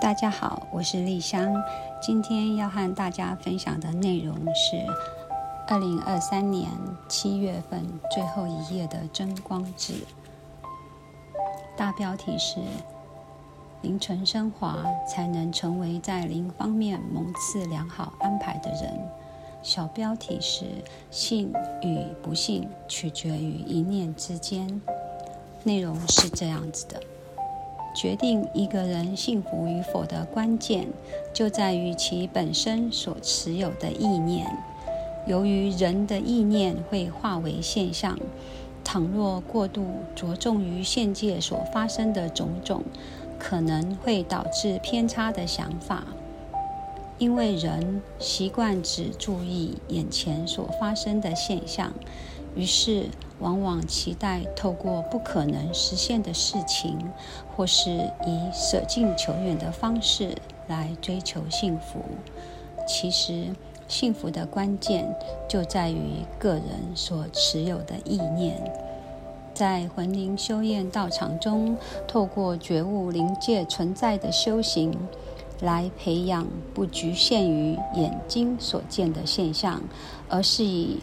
大家好，我是麗香。今天要和大家分享的內容是二零二三年七月份最後一頁的真光誌。大標題是“靈層昇華才能成為在靈方面蒙賜良好安排的人”。小標題是“幸與不幸取決於一念之間”。內容是這樣子的。決定一個人幸福與否的關鍵，就在於其本身所持有的意念。由於人的意念會化為現象，倘若過度着重於現界所發生的種種，可能會導致偏差的想法。因為人習慣只注意眼前所發生的現象，於是，往往期待透過不可能實現的事情，或是以捨近求遠的方式來追求幸福。其實，幸福的關鍵就在於個人所持有的意念。在魂靈修煉道場中，透過覺悟靈界存在的修行，來培養不局限於眼睛所見的現象，而是以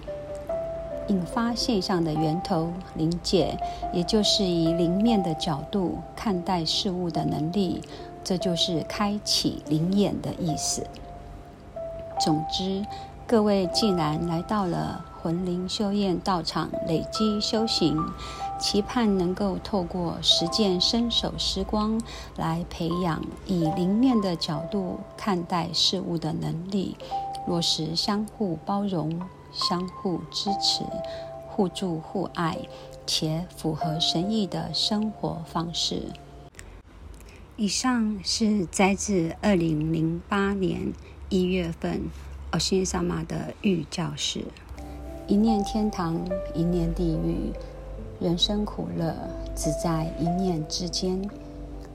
引發現象的源頭，靈解，也就是以靈面的角度看待事物的能力，這就是開啟靈眼的意思。總之，各位既然來到了魂靈修驗道場，累積修行，期盼能夠透過實踐伸手施光，來培養以靈面的角度看待事物的能力，落實相互包容相互支持、互助互愛，且符合神意的生活方式。以上是摘自二零零八年一月份《奧辛薩瑪》的預教示。一念天堂，一念地獄，人生苦樂只在一念之間。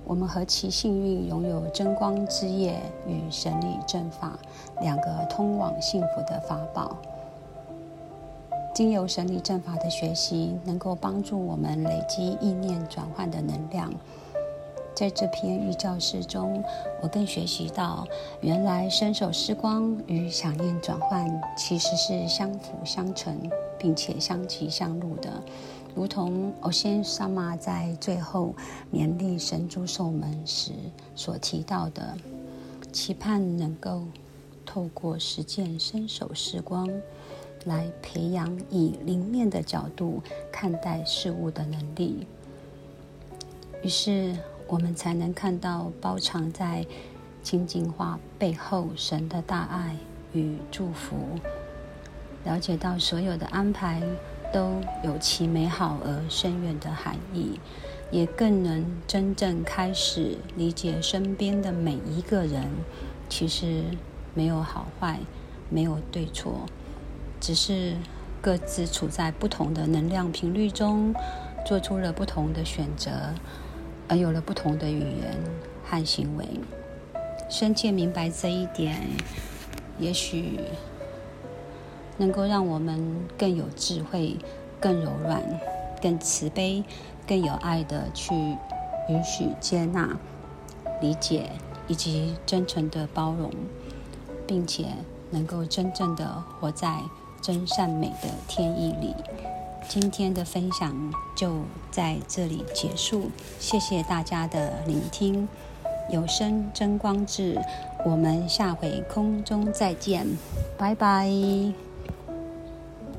我們何其幸運，擁有真光之業與神理正法兩個通往幸福的法寶。經由神理正法的學習，能夠幫助我們累積意念轉換的能量。在這篇御教示中，我更學習到，原來伸手施光與想念轉換其實是相輔相成，並且相即相入的。如同歐仙薩瑪在最後勉勵神組手們時所提到的，期盼能夠透過實踐伸手施光，來培養以靈面的角度看待事物的能力，於是我們才能看到包藏在清淨化背後神的大愛與祝福，了解到所有的安排都有其美好而深遠的含義，也更能真正開始理解身邊的每一個人，其實沒有好壞，沒有對錯。只是各自處在不同的能量頻率中，做出了不同的選擇，而有了不同的語言和行為。深切明白這一點，也許能夠讓我們更有智慧、更柔軟、更慈悲、更有愛的去允許、接納、理解以及真誠的包容，並且能夠真正的活在。真善美的天意裡，今天的分享就在這裡結束。謝謝大家的聆聽，有聲真光誌，我們下回空中再見，拜拜。